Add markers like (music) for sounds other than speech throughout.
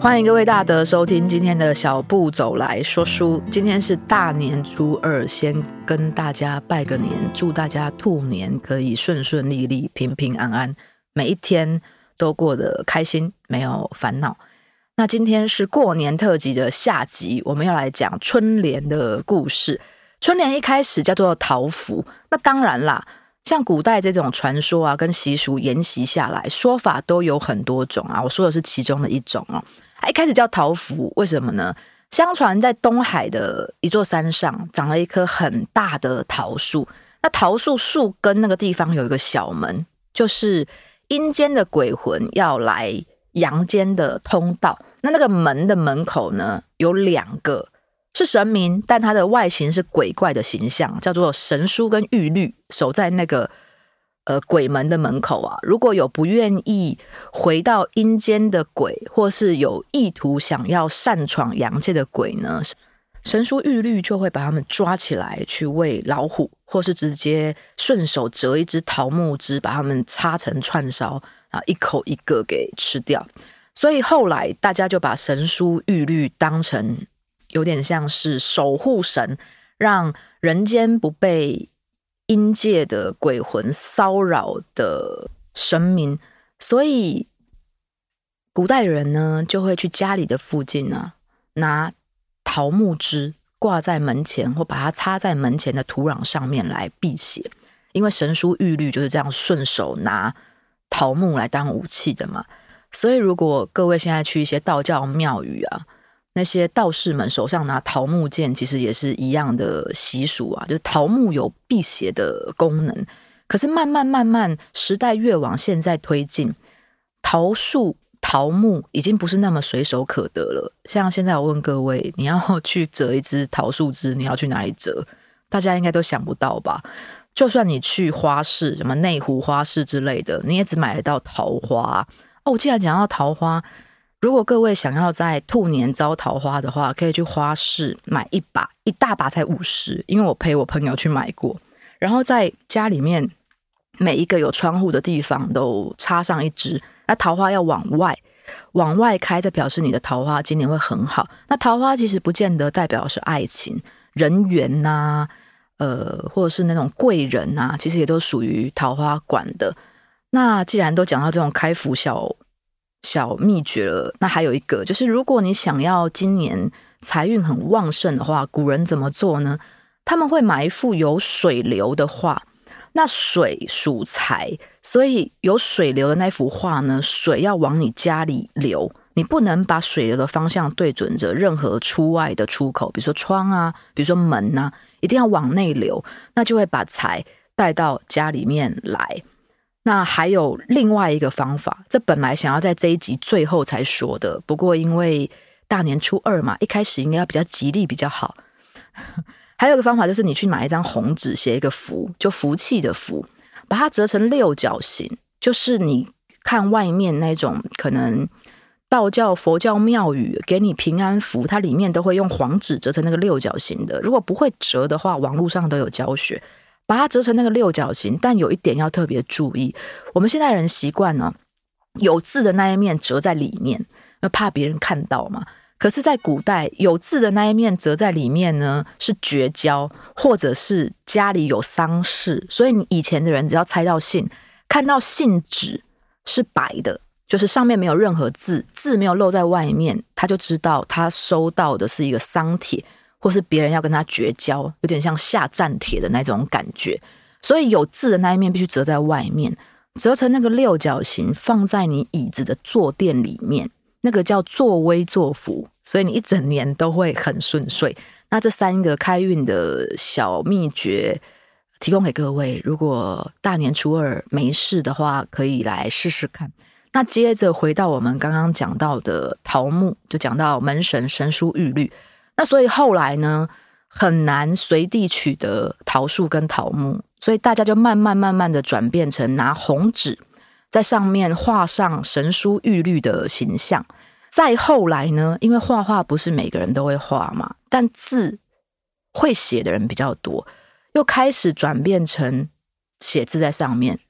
歡迎各位大德收聽今天的小步走來說書。今天是大年初二，先跟大家拜個年，祝大家兔年可以順順利利、平平安安，每一天都過得開心，沒有煩惱。那今天是過年特輯的下集，我們要來講春聯的故事。春聯一開始叫做桃符，那當然啦。像古代這種傳說啊，跟習俗沿襲下來，說法都有很多種啊。我說的是其中的一種哦、啊。一開始叫桃符，為什麼呢？相傳在東海的一座山上，長了一棵很大的桃樹。那桃樹樹根那個地方有一個小門，就是陰間的鬼魂要來陽間的通道。那那個門的門口呢，有兩個。是神明，但它的外形是鬼怪的形象，叫做神荼跟鬱壘，守在那個呃鬼門的門口啊。如果有不願意回到陰間的鬼，或是有意圖想要擅闖陽界的鬼呢，神荼鬱壘就會把他們抓起來去餵老虎，或是直接順手折一只桃木枝，把他們插成串燒啊，一口一個給吃掉。所以後來大家就把神荼鬱壘當成。有點像是守護神，讓人間不被陰界的鬼魂騷擾的神明，所以古代人呢就會去家裡的附近呢、啊、拿桃木枝掛在門前，或把它插在門前的土壤上面來辟邪，因為神荼鬱壘就是這樣順手拿桃木來當武器的嘛。所以如果各位現在去一些道教廟宇啊。那些道士們手上拿桃木劍，其實也是一樣的習俗啊。就是桃木有辟邪的功能，可是慢慢慢慢，時代越往現在推進，桃樹、桃木已經不是那麼隨手可得了。像現在我問各位，你要去折一支桃樹枝，你要去哪裡折？大家應該都想不到吧？就算你去花市，什麼內湖花市之類的，你也只買得到桃花哦。我既然講到桃花。如果各位想要在兔年招桃花的話，可以去花市買一把，一大把才五十。因為我陪我朋友去買過，然後在家裡面每一個有窗戶的地方都插上一支。那桃花要往外、往外開，就表示你的桃花今年會很好。那桃花其實不見得代表是愛情、人緣吶、啊，呃，或者是那種貴人吶、啊，其實也都屬於桃花館的。那既然都講到這種開福小。小秘訣了。那還有一個，就是如果你想要今年財運很旺盛的話，古人怎麼做呢？他們會買一幅有水流的畫。那水屬財，所以有水流的那幅畫呢，水要往你家裡流。你不能把水流的方向對準着任何出外的出口，比如說窗啊，比如說門吶、啊，一定要往內流，那就會把財帶到家裡面來。那還有另外一個方法，這本來想要在這一集最後才說的，不過因為大年初二嘛，一開始應該要比較吉利比較好。 (laughs) 還有一個方法就是，你去買一張紅紙，寫一個福，就福氣的福，把它折成六角形，就是你看外面那種可能道教、佛教廟宇給你平安符，它裡面都會用黃紙折成那個六角形的。如果不會折的話，網絡上都有教學。把它折成那個六角形，但有一點要特別注意。我們現在人習慣呢、啊，有字的那一面折在裡面，怕別人看到嘛。可是，在古代，有字的那一面折在裡面呢，是絕交或者是家裡有喪事。所以，你以前的人只要猜到信，看到信紙是白的，就是上面沒有任何字，字沒有露在外面，他就知道他收到的是一個喪帖。或是別人要跟他絕交，有點像下戰帖的那種感覺，所以有字的那一面必須折在外面，折成那個六角形，放在你椅子的坐墊裡面，那個叫作威作福，所以你一整年都會很順遂。那這三個開運的小秘訣提供給各位，如果大年初二沒事的話，可以來試試看。那接着回到我們剛剛講到的桃木，就講到門神神荼鬱壘，那所以後來呢，很難隨地取得桃樹跟桃木，所以大家就慢慢慢慢的轉變成拿紅紙在上面畫上神荼鬱壘的形象。再後來呢，因為畫畫不是每個人都會畫嘛，但字會寫的人比較多，又開始轉變成寫字在上面。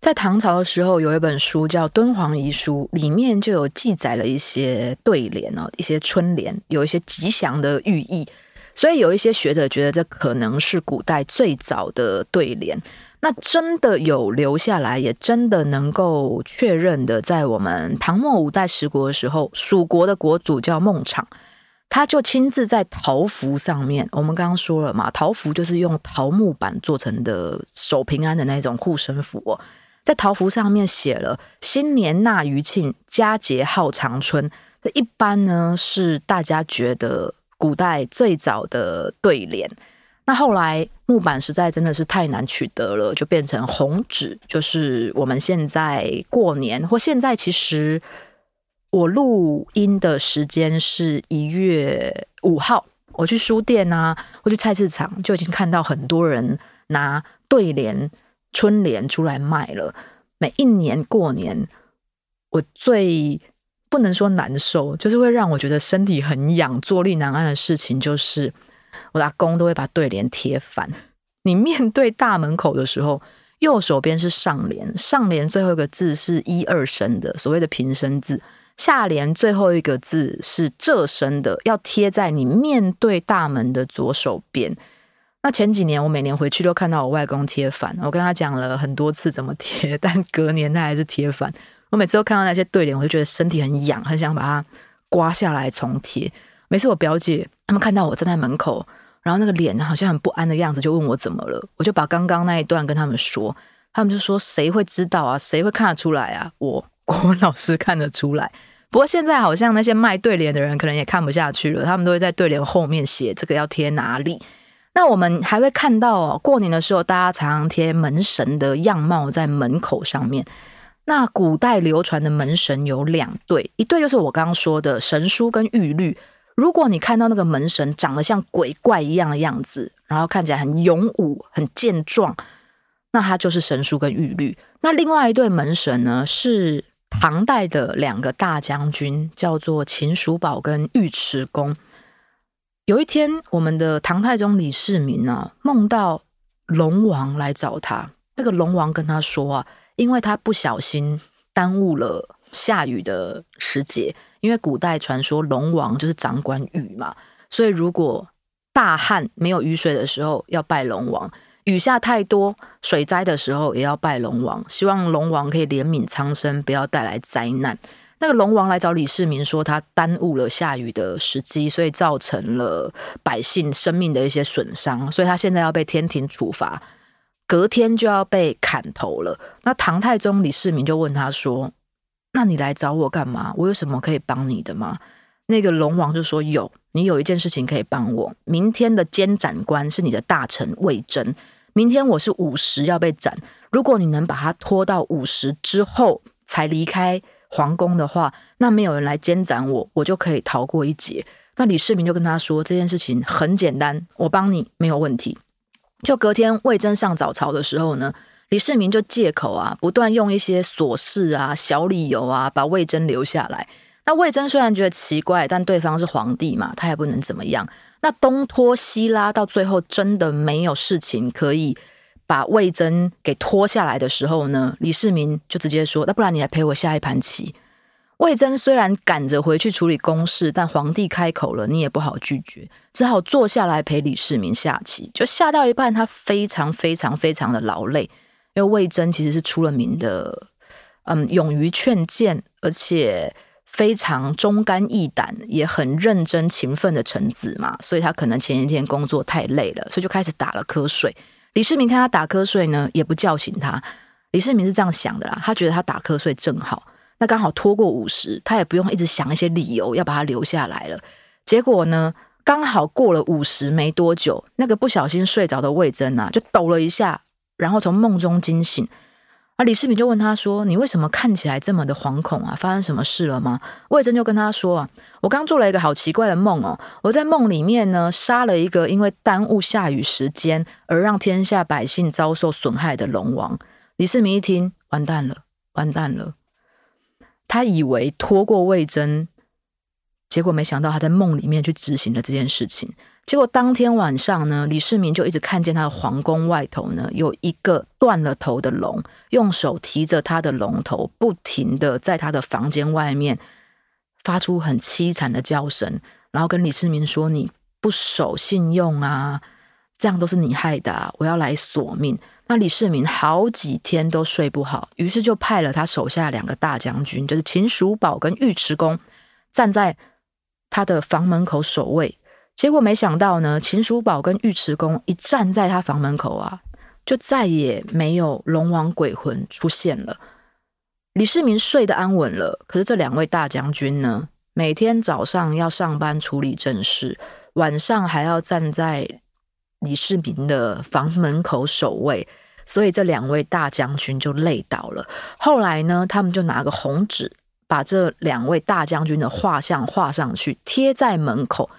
在唐朝的時候，有一本書叫《敦煌遺書》，裡面就有記載了一些對聯哦，一些春聯，有一些吉祥的寓意。所以有一些學者覺得這可能是古代最早的對聯。那真的有留下來，也真的能夠確認的，在我們唐末五代十國的時候，蜀國的國主叫孟昶，他就親自在桃符上面，我們剛剛說了嘛，桃符就是用桃木板做成的，守平安的那種護身符哦。在桃符上面寫了“新年納餘慶，佳節號長春”。一般呢是大家覺得古代最早的對聯。那後來木板實在真的是太難取得了，就變成紅紙，就是我們現在過年，或現在其實我錄音的時間是一月五號，我去書店啊，我去菜市場就已經看到很多人拿對聯。春聯出來賣了，每一年過年，我最不能說難受，就是會讓我覺得身體很癢、坐立難安的事情，就是我阿公都會把對聯貼反。你面對大門口的時候，右手邊是上聯，上聯最後一個字是一二聲的，所謂的平聲字；下聯最後一個字是仄聲的，要貼在你面對大門的左手邊。那前幾年，我每年回去都看到我外公貼反，我跟他講了很多次怎麼貼，但隔年他還是貼反。我每次都看到那些對聯，我就覺得身體很癢，很想把它刮下來重貼。每次我表姐他們看到我站在門口，然後那個臉好像很不安的樣子，就問我怎麼了，我就把剛剛那一段跟他們說，他們就說，誰會知道啊，誰會看得出來啊？我國文老師看得出來。不過現在好像那些賣對聯的人可能也看不下去了，他們都會在對聯後面寫這個要貼哪裡。那我們還會看到哦，過年的時候大家常常貼門神的樣貌在門口上面。那古代流傳的門神有兩對，一對就是我剛剛說的神荼跟鬱壘。如果你看到那個門神長得像鬼怪一樣的樣子，然後看起來很勇武、很健壯，那他就是神荼跟鬱壘。那另外一對門神呢，是唐代的兩個大將軍，叫做秦叔寶跟尉遲恭。有一天，我們的唐太宗李世民呢、啊，夢到龍王來找他。這、那個龍王跟他說啊，因為他不小心耽誤了下雨的時節，因為古代傳說龍王就是掌管雨嘛，所以如果大旱沒有雨水的時候要拜龍王，雨下太多水災的時候也要拜龍王，希望龍王可以憐憫蒼生，不要帶來災難。那個龍王來找李世民，說他耽誤了下雨的時機，所以造成了百姓生命的一些損傷，所以他現在要被天庭處罰，隔天就要被砍頭了。那唐太宗李世民就問他說：“那你來找我幹嘛？我有什麼可以幫你的嗎？”那個龍王就說：“有，你有一件事情可以幫我。明天的監斬官是你的大臣魏徵，明天我是午時，要被斬，如果你能把他拖到午時之後才離開。”皇宮的話，那沒有人來監斬我，我就可以逃過一劫。那李世民就跟他說這件事情很簡單，我幫你沒有問題。就隔天魏徵上早朝的時候呢，李世民就借口啊，不斷用一些瑣事啊、小理由啊，把魏徵留下來。那魏徵雖然覺得奇怪，但對方是皇帝嘛，他也不能怎麼樣。那東拖西拉到最後，真的沒有事情可以。把魏徵給拖下來的時候呢，李世民就直接說：“那不然你來陪我下一盤棋。”魏徵雖然趕着回去處理公事，但皇帝開口了，你也不好拒絕，只好坐下來陪李世民下棋。就下到一半，他非常非常非常的勞累，因為魏徵其實是出了名的，嗯，勇於勸諫，而且非常忠肝義膽，也很認真勤奮的臣子嘛，所以他可能前一天工作太累了，所以就開始打了瞌睡。李世民看他打瞌睡呢，也不叫醒他。李世民是這樣想的啦，他覺得他打瞌睡正好，那剛好拖過午時，他也不用一直想一些理由要把他留下來了。結果呢，剛好過了午時沒多久，那個不小心睡着的魏徵啊，就抖了一下，然後從夢中驚醒。而、啊、李世民就問他說：“你為什麼看起來這麼的惶恐啊？發生什麼事了嗎？”魏徵就跟他說：“啊，我剛做了一個好奇怪的夢哦，我在夢裡面呢殺了一個因為耽誤下雨時間而讓天下百姓遭受損害的龍王。”李世民一聽，完蛋了，完蛋了，他以為拖過魏徵，結果沒想到他在夢裡面去執行了這件事情。結果當天晚上呢，李世民就一直看見他的皇宮外頭呢有一個斷了頭的龍，用手提着他的龍頭，不停的在他的房間外面發出很淒慘的叫聲，然後跟李世民說：“你不守信用啊，這樣都是你害的啊，我要來索命。”那李世民好幾天都睡不好，於是就派了他手下兩個大將軍，就是秦叔寶跟尉遲恭，站在他的房門口守衛。結果沒想到呢，秦叔寶跟尉遲恭一站在他房門口啊，就再也沒有龍王鬼魂出現了。李世民睡得安穩了，可是這兩位大將軍呢，每天早上要上班處理政事，晚上還要站在李世民的房門口守衛，所以這兩位大將軍就累倒了。後來呢，他們就拿個紅紙把這兩位大將軍的畫像畫上去，貼在門口。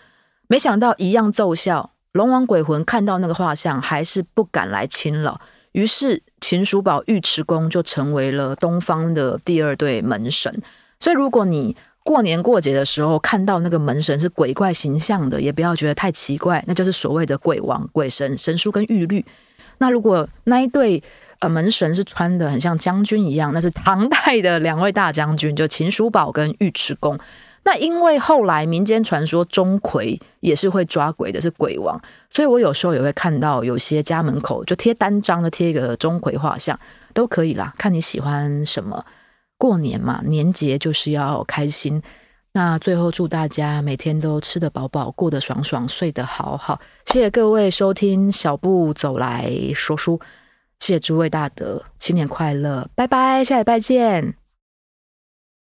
沒想到一樣奏效，龍王鬼魂看到那個畫像還是不敢來侵擾，於是秦叔寶、尉遲恭就成為了東方的第二對門神。所以，如果你過年過節的時候看到那個門神是鬼怪形象的，也不要覺得太奇怪，那就是所謂的鬼王、鬼神、神荼跟鬱壘。那如果那一對呃門神是穿得很像將軍一樣，那是唐代的兩位大將軍，就秦叔寶跟尉遲恭。那因為後來民間傳說鍾馗也是會抓鬼的，是鬼王，所以我有時候也會看到有些家門口就貼單張的，貼一個鍾馗畫像都可以啦，看你喜歡什麼。過年嘛，年節就是要開心。那最後祝大家每天都吃得飽飽，過得爽爽，睡得好好。謝謝各位收聽小步走來說書，謝謝諸位大德，新年快樂，拜拜，下禮拜見。